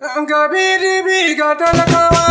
Gabi di biga talakawa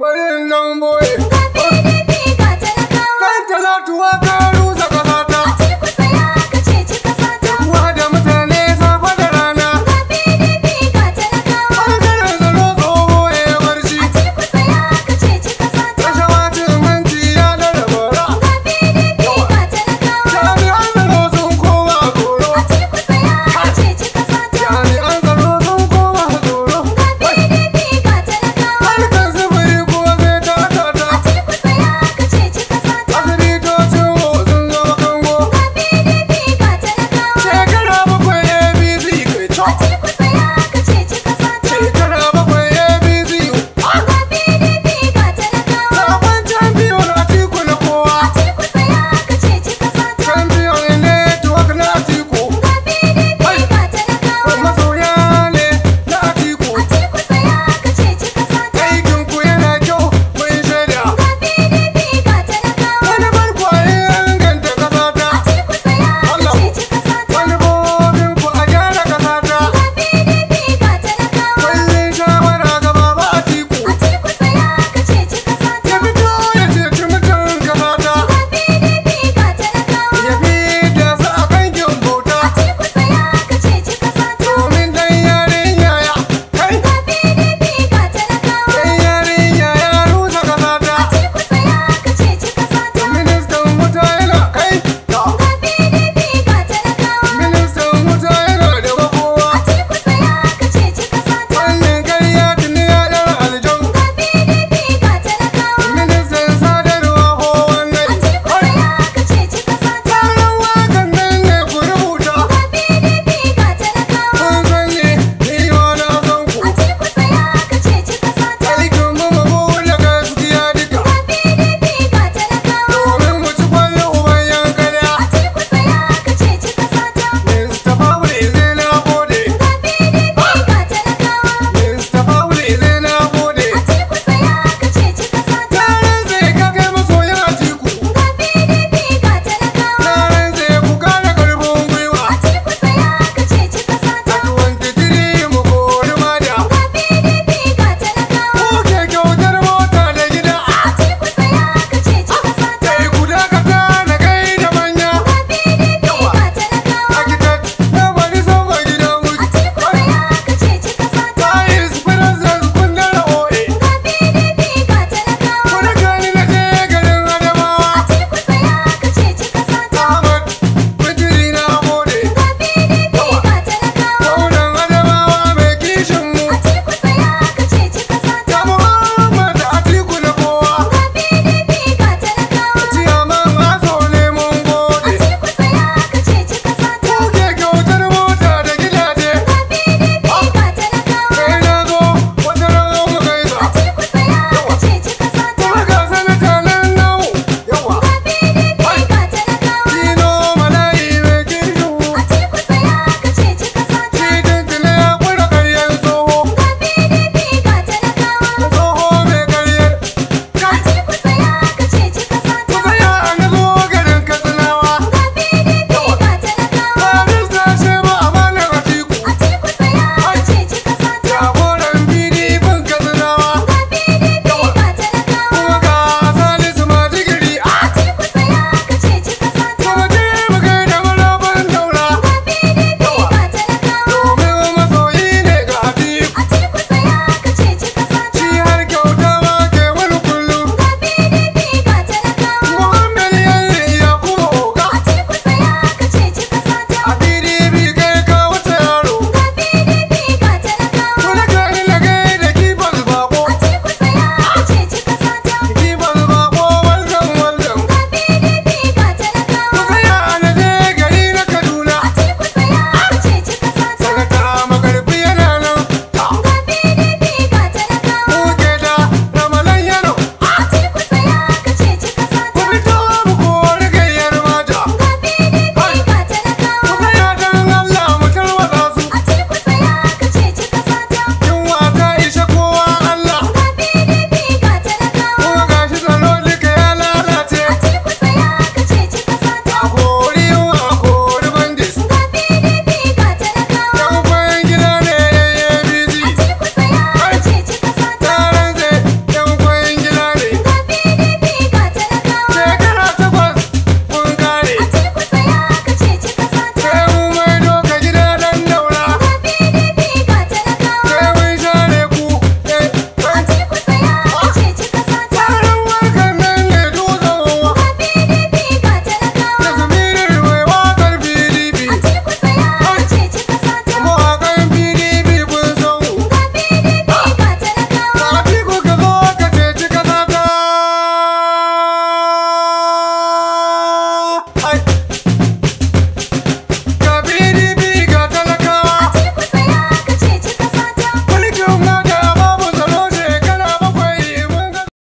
But it long boy.